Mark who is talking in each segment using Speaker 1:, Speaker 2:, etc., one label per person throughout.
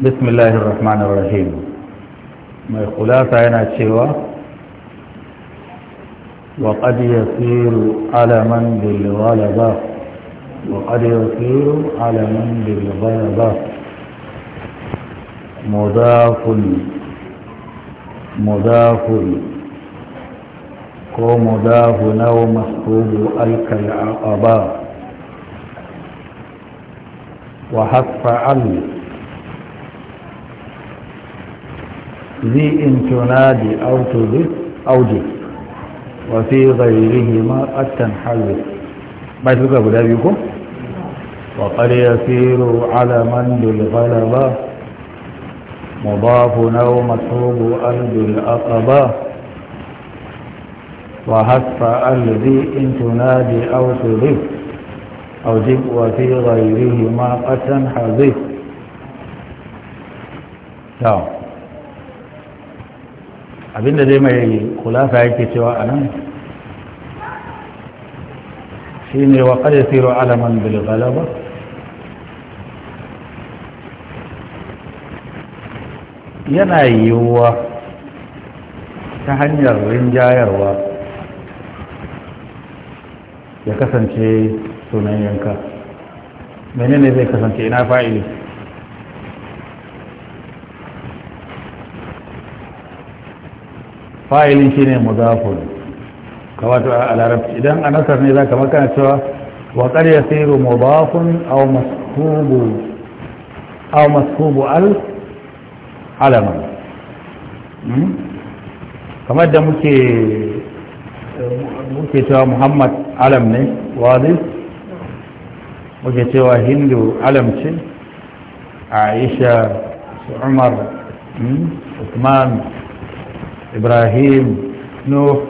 Speaker 1: بسم الله الرحمن الرحيم ما يقول فأنا شوى وقد يصير على من بالغلبة وقد يصير على من بالغلبة مضاف مضاف كو مضاف نو مسكوب ألك العقبة وحف علي ذي إن تنادي أو تذف أو جف وفي غيرهما قد تنحل ما يتبقى أبو دابيكم وقد يسير على من بالغلبة مضاف أو مطلوب أرض الأقبة وحسف الذي إن تنادي أو تذف أو جب وفي غيرهما قد تنحذف تمام نعم. abinda zai mai kulasa yake cewa a nan shi ne wa kada siro alaman bilgalaba yana yiwuwa ta hanyar rinjayarwa ya kasance sunan yanka menene zai kasance ina fa'ili shi shine mudafun kawato a larabci idan a nasar ne za ka makana cewa wa ƙarya tsiru muzafun aw mashubu aw al hmm? kamar da muke muke cewa muhammad alam ne wadi muke cewa hindu alam ce aisha umar hmm? usman ibrahim nuh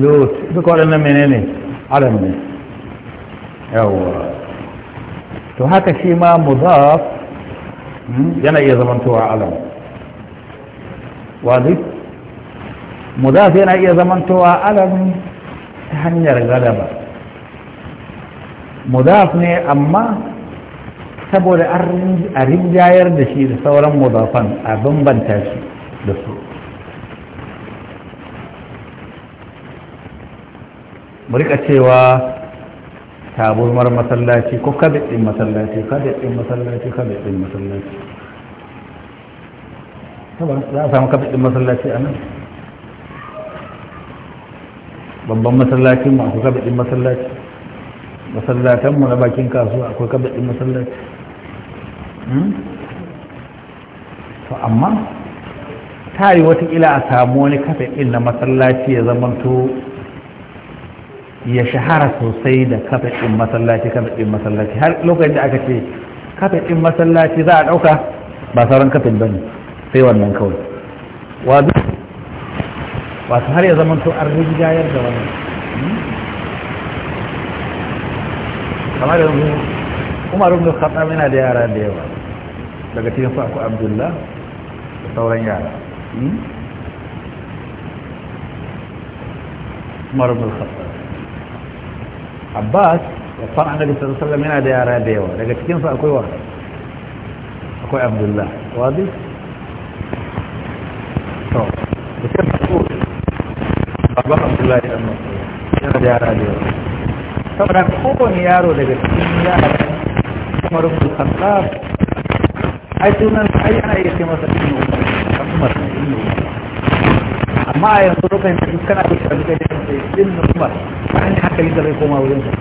Speaker 1: lut duk waɗannan menene adam ne yawwa to haka shi ma mudaf hmm, yana iya zamantowa alam Wani mudaf yana iya zamantowa alam ta hanyar galaba mudaf ne amma saboda a rinjayar da shi da sauran mudafan a bambanta shi da su mu rika cewa taburmar masallaci ko kabit masallaci kabit masallaci kabit masallaci za a samu kabit masallaci a nan babban masallacin mu akwai kabit masallaci masallatan mu na bakin kasuwa akwai kabit masallaci hmm? to amma ta yi watakila a samu wani kabit din na masallaci ya to ya shahara sosai da kafaɗin masallaci kafaɗin masallaci har lokacin da aka ce kafaɗin masallaci za a ɗauka ba sauran kafin ba ne sai wannan kawai wasu har ya zama to an rigayar da wannan kamar yanzu umar ibn khattab yana da yara da yawa daga cikin su akwai abdullah da sauran yara hmm? umar ibn khattab abbas babban annabi sallallahu alaihi yana da yara da yawa daga cikin cikinsu akwai wa akwai abdullah wadi to da kan ko babban abdullah ya amma yana da yara da yawa saboda kowane yaro daga cikin yara kamar ibn khattab ai sunan ai ana iya ce masa ibn umar kamar ibn umar amma yanzu lokacin da kana da shi da ibn umar bayan hankali da bai koma wurin sa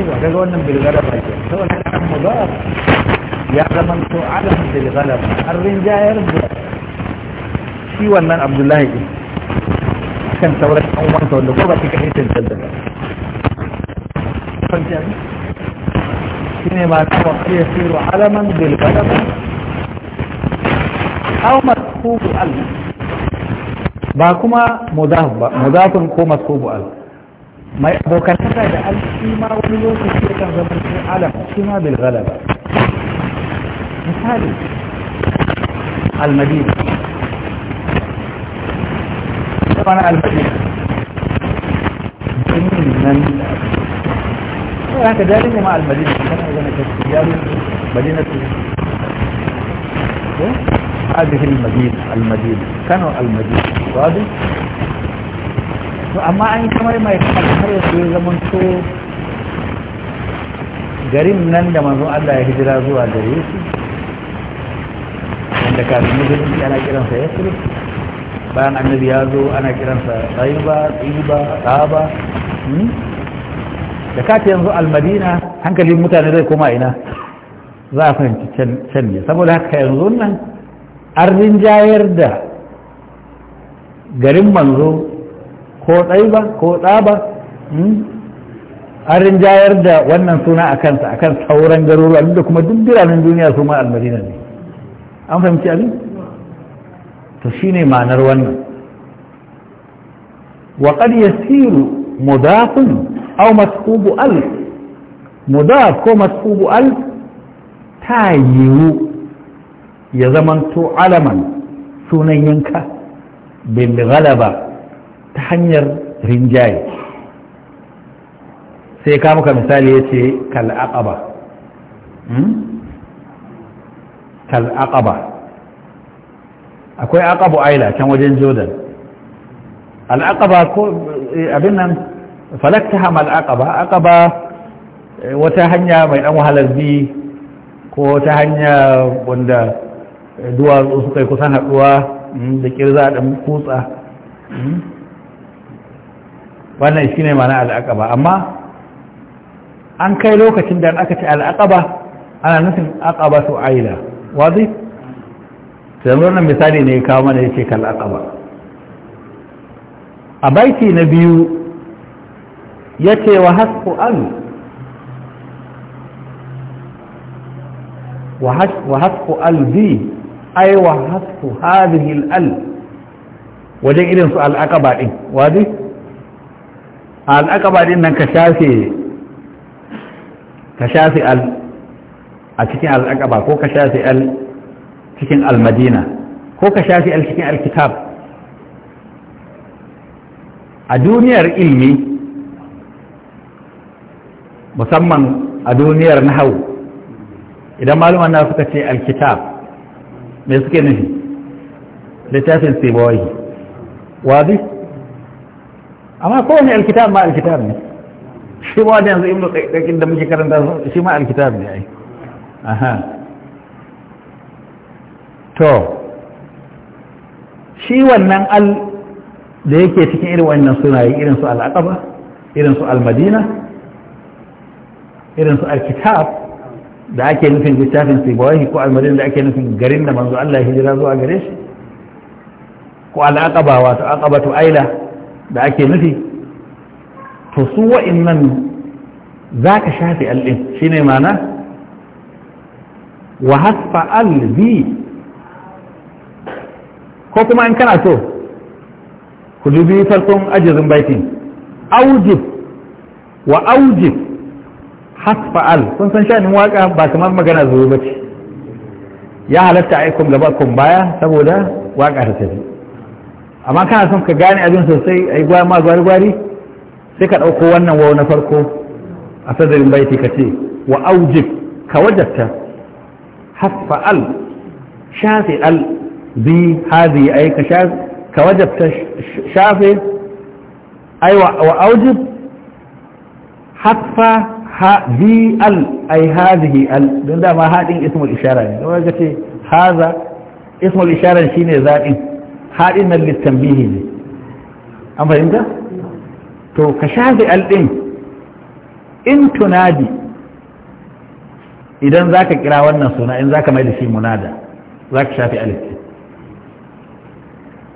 Speaker 1: yawa daga wannan bilgalaba ke saboda kan mudaf ya zama to alam bilgalaba an rinjayar da shi wannan abdullahi din kan sauran an wanta wanda ko ba kika yi tantance ba shine ma ta wa yasiru alaman bilgalaba aw matkubu allah ba kuma mudaf ba mudafin ko maskubu al mai abokantaka da al shi ma wani lokaci yakan zama cikin alam shi ma bil ghalaba misali al-madina طبعا المدينة جميل كذلك مع المدينة كان إذا مدينة هذه المدينة المدينة كانوا المدينة واضح amma an yi kamar mai har yanzu ya zama to garin nan da manzon Allah ya hijira zuwa gare su wanda kafin musulunci ana kiransa ya bayan annabi ya ana kiransa tsaiba tsiba tsaba da kata yanzu almadina hankalin mutane zai koma ina za a fahimci saboda haka yanzu nan an rinjayar da garin manzo ko ɗaiba ko ɗaba hmm? an rinjayar da wannan suna a kansa a kan sauran garuruwa da kuma duk biranen duniya su ma almadina ne an fahimci abin to shine ma'anar wannan wa qad yasiru mudafun au masbubu al mudaf ko masbubu al ta yiwu ya zamanto alaman sunan yanka bil galaba ta hanyar rinjaye sai ka muka misali ya ce kal'aqaba hmm? kal'aqaba akwai aqabu aila can wajen jordan al'aqaba ko eh, abin nan falakta hamal aqaba aqaba eh, wata hanya mai dan wahalar bi ko ta hanya wanda duwatsu suka yi kusan haɗuwa mm, da kirza da kutsa mm. wannan shi ne mana al'aƙaba amma an kai lokacin da aka ce al'aƙaba ana nufin aƙaba su aila wazi yanzu wannan misali ne kawo mana ya ce kal'aƙaba a baiti na biyu ya ce wa hasku an wa hasku albi ai wa hasu hadhihi al wajen irin su al'aqaba din wadi al'aqaba din nan ka shafe ka shafe al a cikin al'aqaba ko ka shafe al cikin al-madina ko ka shafe al cikin al-kitab a duniyar ilmi musamman a duniyar nahau idan maluman na suka ce alkitab me suke nufi littafin sibawai wazi amma kowane alkitab ma alkitab ne shi ma yanzu ibnu qayyim da muke karanta shi ma alkitab ne ai aha to shi wannan al da yake cikin irin wannan sunayi irin su al-aqaba irin su al-madina irin su alkitab. da ake nufin littafin sibawahi ko almadina da ake nufin garin da manzo Allah ya hijira zuwa gare shi ko al'aqaba wato aqabatu aila da ake nufi to su wa'annan zaka shafi al'in shine mana wa hasfa albi ko kuma in kana so ku dubi farkon ajizin baitin aujib wa aujib hasfa'al sun san shanin waka ba kamar magana zuwa ba ce ya halatta aikum gaba kun baya saboda waka ta tafi amma kana son ka gane abin sosai a yi gwaya gwari-gwari sai ka ɗauko wannan wawo na farko a sadarin baiti ka ce wa aujib ka wajatta hasfa'al shafi al bi hadi ai ka ka wajabta shafi ai wa aujib hasfa ha bi al ai hadhihi al don dama hadin ismul ishara ne wanda ce haza ismul ishara shine zaɗin hadin nan bihi ne an fahimta to ka shafi al din in tunadi idan za ka kira wannan suna in zaka mai da shi munada ka shafi alif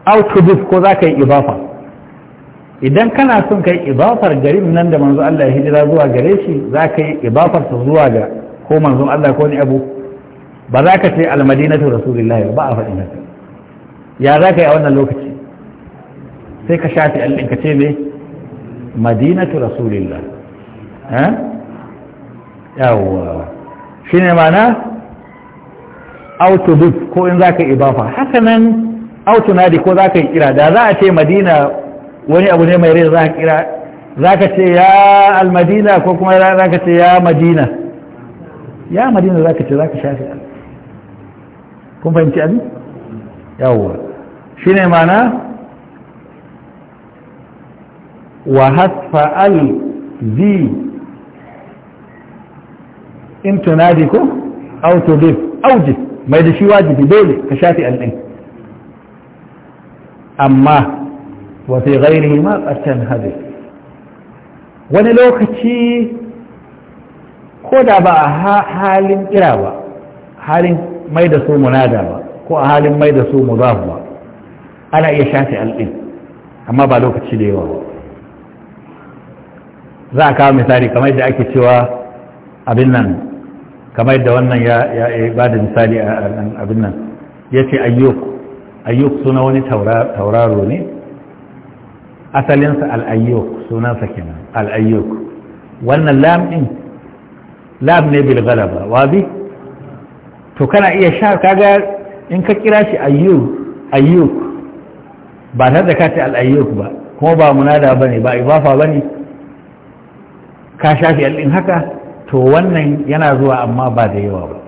Speaker 1: au tudif ko za ka yi ibafa idan kana son kai ibafar garin nan da manzo Allah ya hijira zuwa gare shi za ka yi ibafar ta zuwa ga ko manzo Allah ko ni abu ba za ka ce almadinatu rasulullahi ba a faɗi nan ya za ka yi a wannan lokaci sai ka shafi allin ka ce me madinatu rasulillah ha eh? yawwa shine mana autobus ko in za ka yi ibafa haka nan autonadi ko za ka yi kira da za a ce madina wani abu ne mai rai za ka kira za ka ce ya almadina ko kuma za ka ce ya madina ya madina za ka ce za ka shafi kun fahimci abin yawon shi ne mana wa hasfa al zi in tunadi ko autodif aujif mai da shi wajibi dole ka shafi al'in amma wa fi ghairihi ma ƙarshen tanhabi wani lokaci ko da ba a halin kira ba halin mai da su munada ba ko a halin mai da su muzahu ba ana iya shafi al'in amma ba lokaci da yawa ba za a kawo misali kamar da ake cewa abin nan kamar da wannan ya ba da misali abin nan ya ce ayyuk suna wani tauraro ne asalinsa al'ayyuk sunansa kenan al'ayyuk wannan lam din lam ne bil galaba wazi to kana iya sha kaga in ka kira shi ayyuk ayyuk ba tare da kati al'ayyuk ba kuma ba munada bane ba ibafa bane ka sha shafi al'in haka to wannan yana zuwa amma ba da yawa ba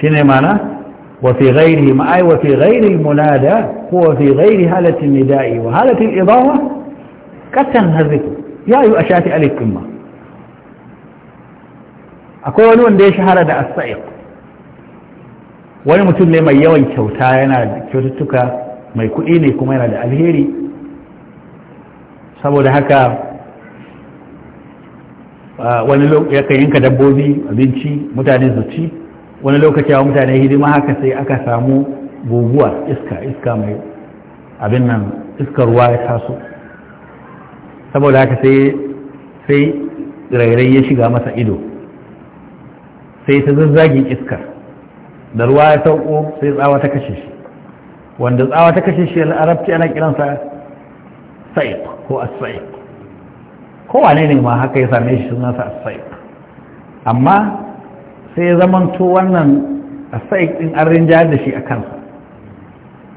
Speaker 1: shine mana وفي غيره معي وفي غير المنادى هو في غير هالة النداء وهالة الإضافة كتن تنهذك يا أيها أشاتي أليك كما أقول وان دي شهر دا السائق wani mutum ne mai yawan kyauta yana da kyaututtuka mai kuɗi ne kuma yana da alheri saboda haka wani ya kan yanka dabbobi abinci mutane su wani lokaci a mutane hidima haka sai aka samu guguwa iska iska mai abin nan iskar ruwa ya taso saboda haka sai sai rairai ya shiga masa ido sai ta zazzagin iskar da ruwa ya sauko sai tsawa ta kashe shi wanda tsawa ta kashe shi al'arabci ana kiransa saif ko asaif kowane ne ma haka ya same shi sunansa as amma sai ya zamanto wannan a sa'ik ɗin an rinjayar da shi a kansa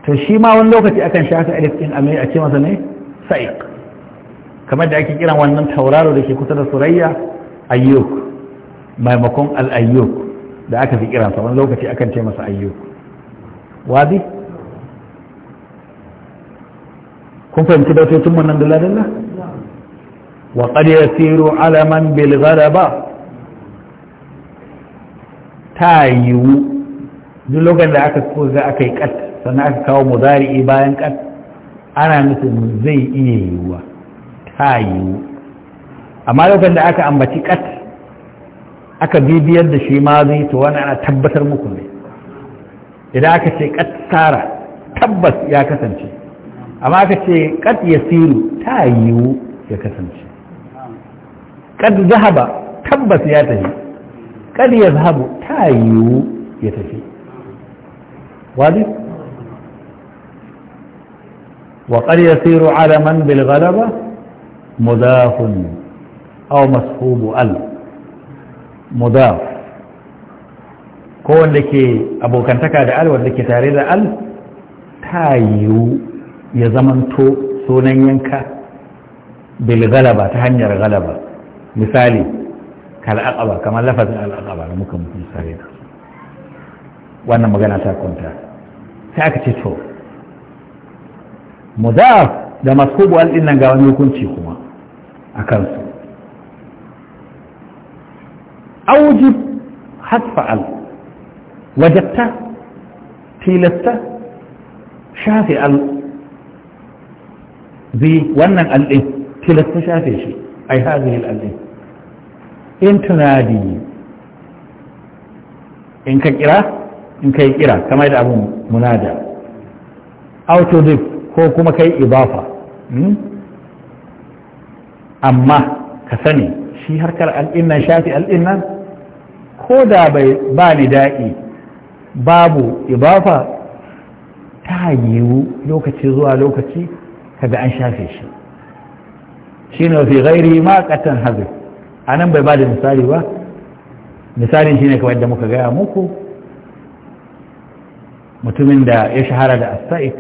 Speaker 1: to shi ma wani lokaci akan shi haka alif ɗin amai a ce masa ne sa'ik kamar da ake kiran wannan tauraro da ke kusa da surayya ayyuk maimakon al'ayyuk da aka fi kiransa wani lokaci akan ce masa ayyuk wadi kun fahimci dautotun wannan dala-dala wa ƙad yasiru alaman bil ba. ta yiwu duk lokacin da aka so za aka yi kat sannan aka kawo mudari'i bayan kat ana nufin zai iya yiwuwa ta yiwu amma lokacin da aka ambaci kat aka bibiyar da shi ma zai to wani ana tabbatar muku ne idan aka ce kat tara tabbas ya kasance amma aka ce kat ya siru ta yiwu ya kasance kat zahaba tabbas ya tafi kad ya zahabu ta yiwu ya tafi wadi wa kad ya siru alaman bil mudafun aw mashubu al mudaf ko wanda ke abokantaka da al wanda ke tare da al ta yiwu ya zamanto sunan yanka bilgalaba ta hanyar galaba misali kal'aqaba kamar lafazin al'aqaba da muka mutum sare wannan magana ta kwanta sai aka ce to mudaf da maskubu al dinnan ga wani hukunci kuma a kansu aujib hasfa al wajabta tilasta shafi al bi wannan al din tilasta shafe shi ai hadhihi al din intunadi in ka kira in ka yi kira kamar da abin munada autodif ko kuma ka yi ibafa hmm? amma ka sani shi harkar al'innan shafi al'innan ko da bai ba ni da'i babu ibafa ta yiwu lokaci zuwa lokaci kaga an shafe shi shi ne fi gairi ma hazif a nan bai ba da misali ba misalin shine kamar da muka gaya muku mutumin da ya shahara da asa'ik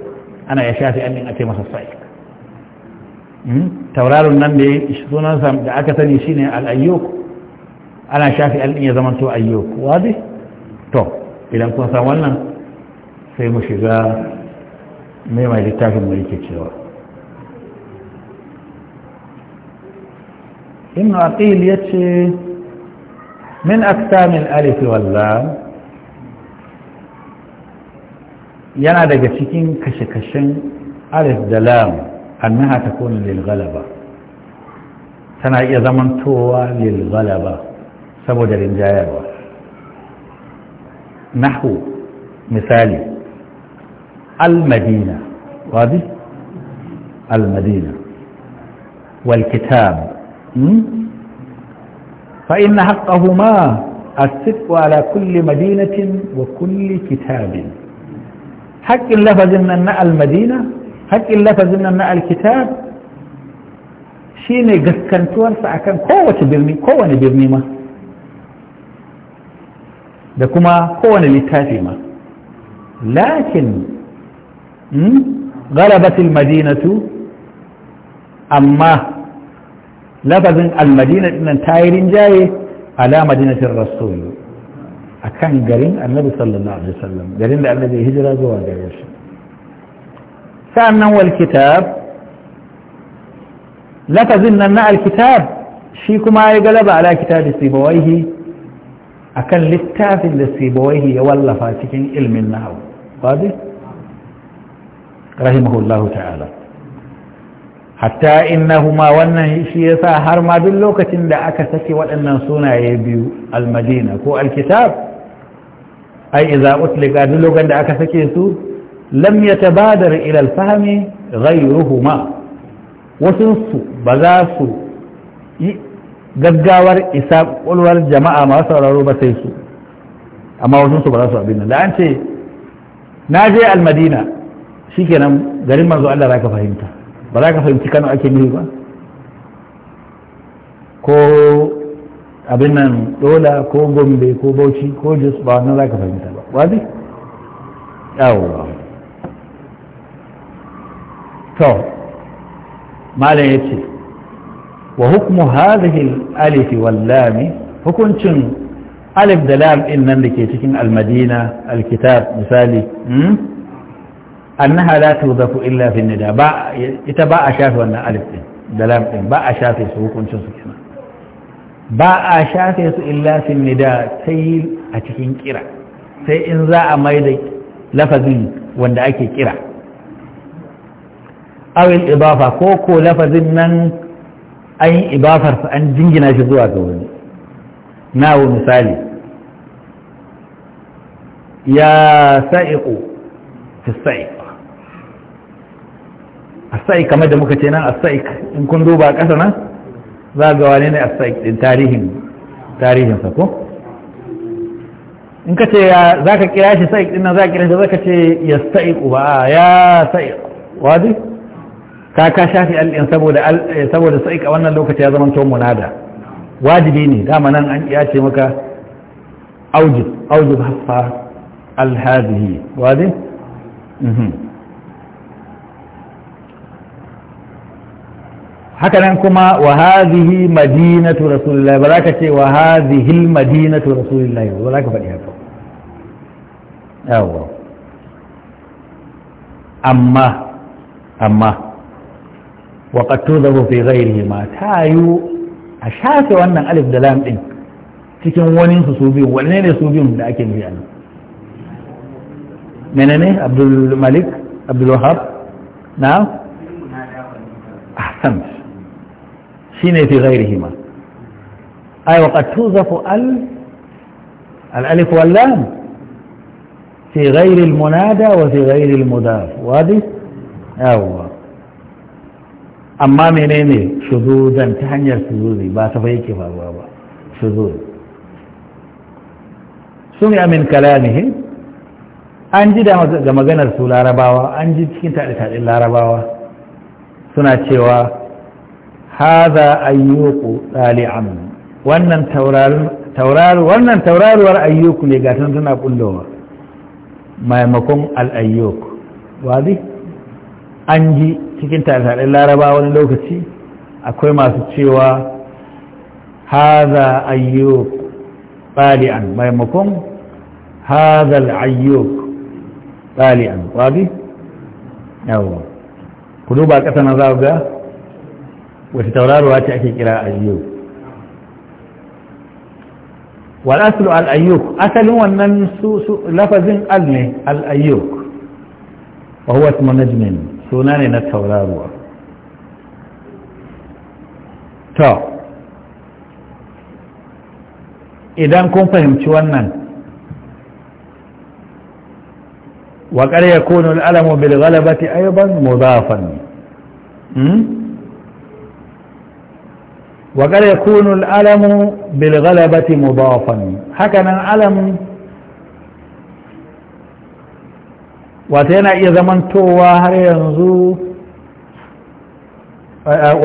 Speaker 1: ana ya shafi annin a ce masa sa'ik hmm? tauraron nan da sunansa da aka sani shine al'ayyuk ana shafi annin ya zama to ayyuk wadi to idan kun san wannan sai mu shiga mai mai littafin mu yake cewa ابن أقيل يتشي من أقسام الألف واللام ينادق شكين كشكشن ألف دلام أنها تكون للغلبة سنة يزمن توا للغلبة سبو جرين نحو مثالي المدينة واضح المدينة والكتاب فإن حقهما الصدق على كل مدينة وكل كتاب حق لفظ أن المدينة حق لفظ أن الكتاب شيني قسكنتوار سأكن قوة برمي قوة برمي ما da قوة لتاتي ما لكن غلبت المدينة أما lafazin almadina dinnan tayirin jaye ala madinatin a kan garin annabi sallallahu alaihi wasallam garin da annabi hijira zuwa gare shi sa'annan wal kitab lafazin nan na alkitab shi kuma ya galaba ala kitabi sibawaihi akan littafin da sibawaihi ya wallafa cikin ilmin nahawu wadi rahimahullahu ta'ala hatta innahuma wannan shi yasa har ma duk lokacin da aka sake waɗannan sunaye biyu al-madina ko al-kitab ai idza utlika duk lokacin da aka sake su lam yatabadar ila alfahmi ghayruhuma wasu su ba za su yi gaggawar isa kulwar jama'a masu sauraro ba sai su amma wasu su ba za su abin da an ce na je al-madina shikenan garin manzo Allah zaka fahimta ba za ka fahimci kano ake nufi ba ko abin nan dola ko gombe ko bauchi ko jos ba wannan za ka fahimta ba wazi yawwa to malam ya ce wa hukmu hadhihi alifi wallami hukuncin alif da lam din nan da ke cikin almadina alkitab misali hmm? annaha la tuzafu illa fi nida ba ita ba a shafe wannan alif din da lam din ba a shafe su hukuncin su kenan ba a shafe su illa fi nida sai a cikin kira sai in za a mai da lafazin wanda ake kira al idafa ko ko lafazin nan an yi ibafar sa an jingina shi zuwa ga wani nawo misali ya sa'iqu fi sa'iq asai kamar da muka ce nan asai in kun duba ƙasa nan za ga wane ne asai din tarihin sa ko in ka ce za ka kira shi sa'ik din nan za ka kira shi za ka ce ya sa'ik ba ya sa'i, wadi ka ka shafi al'in saboda eh, saboda sa'ik a wannan lokaci ya zama to munada wajibi ne dama nan an ya ce maka aujib aujib hafa alhadihi wadi mhm haka nan kuma wa hadhihi madinatu rasulillah ba za ka ce wa hadhihi madinatu rasulillah ba za ka faɗi haka yawa amma amma wa qad tuzabu fi ghairihi ma yu a shafe wannan alif da lam din cikin wani su su biyu wani ne su biyu da ake nufi a nan menene abdul malik abdul wahab na ahsan Shi ne fi ghairihima ay wa qad zafi al al alif wal lam fi ghair al munada wa fi ghair al mudaf wadi yawa amma menene shuzuzan ta hanyar shuzuzi ba ta fa yake faruwa ba Su sumi amin kalamihim an ji da maganar su larabawa an ji cikin taɗe-taɗen larabawa suna cewa haza ayyuku ɗali'an wannan tauraro wannan tauraruwar ayyuku ne ga tun tana kullowa maimakon al'ayyuku wazi an ji cikin tare laraba wani lokaci akwai masu cewa haza ayyuku ɗali'an maimakon haza al'ayyuku ɗali'an wazi yawon ku duba ƙasa na za ga wata tauraruwa ce ake kira Ayyuk? wal aslu al Ayyuk? asalin wannan lafazin al ne al Ayyuk. wa huwa ismu najmin suna ne na tauraruwa to idan kun fahimci wannan wa qad yakunu al alamu bil ghalabati ayban mudafan hmm? وقال يكون الألم بالغلبة مضافا هكذا الألم وتينا إذا من توهر ينزو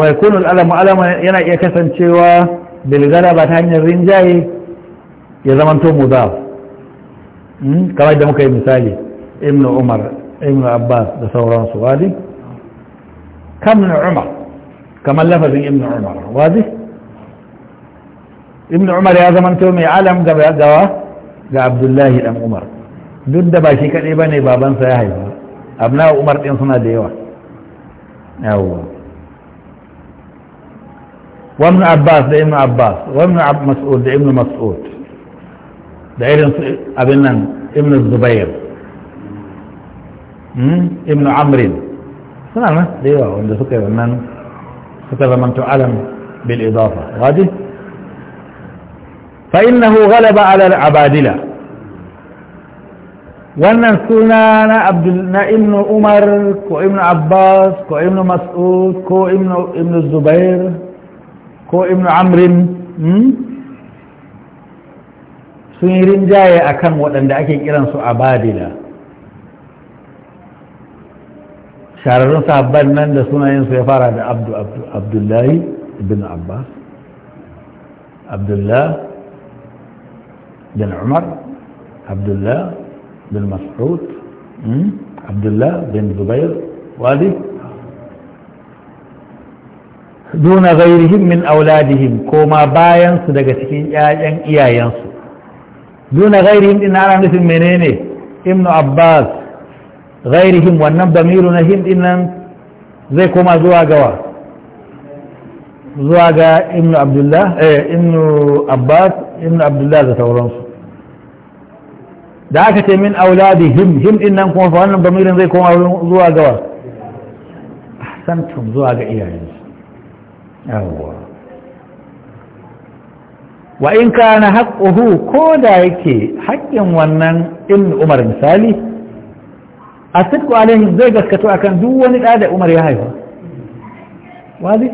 Speaker 1: ويكون الألم ألم ينا يكسن شوى بالغلبة هن الرنجاي إذا من تو مضاف كما يدى مكي مثالي ابن عمر ابن عباس ده سؤالي كم من عمر كما لفظ ابن عمر واضح ابن عمر يا زمان تومي علم جاب جوا عبد الله ابن عمر دون دبا شي كان ابن بابان سايحي ابناء عمر دين سنا ديوا او وابن عباس ده ابن عباس وابن عبد مسعود ده ابن مسعود ده ابن ابنان ابن الزبير ابن عمرو سلام ديوا عنده سكه ابنان فتضمنت علم بالإضافة واضح فإنه غلب على العبادلة wannan suna na na ibnu umar ko ibnu abbas ko ibnu mas'ud ko ibnu zubair ko ibnu amrin sun yi rinjaye akan waɗanda ake kiransu abadila شارون صابر من لسنا ينصفار عبد عبد الله بن عباس عبد الله بن عمر عبد الله بن مسعود عبد الله بن زبير والي دون غيرهم من أولادهم كما باين صدق سكين إياين دون غيرهم إن أرى مثل منيني ابن عباس ghairihim wannan damiru na him dinnan zai koma zuwa gawa zuwa ga inu eh, abbas inu abdullah da sauransu da aka ce min auladi him him dinnan nan kuma wannan damirin zai koma zuwa gawa ahsantum zuwa ga iyayensu yawwa wa in kana haqquhu ko da yake haƙƙin wannan in umar misali a sitku alaihim zai gaskato akan duk wani ɗa da umar ya haifa wazi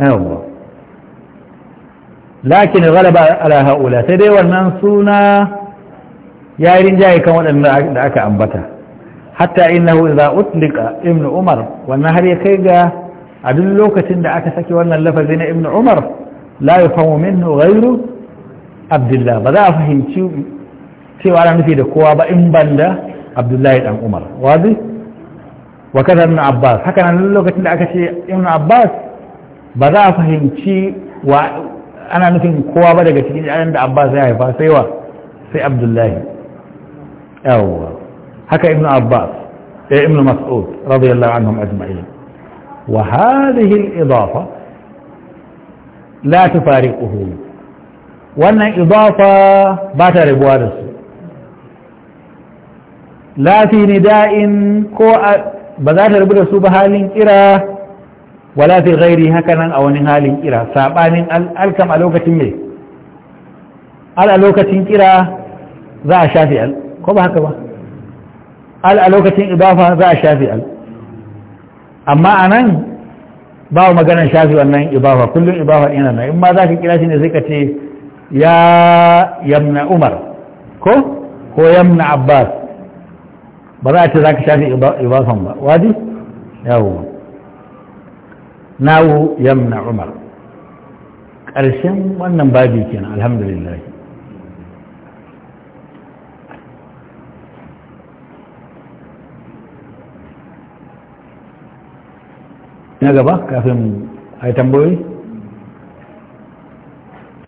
Speaker 1: yawwa lakin ghalaba ala haula sai dai wannan suna yi rinjaye kan waɗanda da aka ambata hatta innahu idza utlika ibnu umar wannan har ya kai ga a duk lokacin da aka saki wannan lafazi na ibnu umar la yufahimu minhu ghayru abdullah ba za a fahimci cewa ana nufi da kowa ba in banda عبد الله بن عمر واضح وكذا ابن عباس حكى لنا لوقت اللي اكشي ابن عباس بدا فهم شيء وانا مثل قوا بدك تجي انا يعني عند عباس يا فاسيوا أيوة. في عبد الله او أيوة. حكى ابن عباس إيه ابن مسعود رضي الله عنهم اجمعين وهذه الاضافه لا تفارقه وان اضافه باتر بوارث lafi nida'in ko ba za ta rubuta su ba halin kira wala fi ghairi hakanan a wani halin kira sabanin alkam a lokacin me. al a lokacin kira za a shafi al ko ba haka ba al a lokacin idafa za a shafi al amma anan ba wa maganar shafi wannan ibafa kullum ibafa ina na in ma za ka kira shi ne sai ka ce ya yamna umar ko ko yamna abbas ba za a ce za ka shafi ibafan ba wadi yawo nawo yamna umar ƙarshen wannan babi kenan alhamdulillah na gaba kafin a yi tambayoyi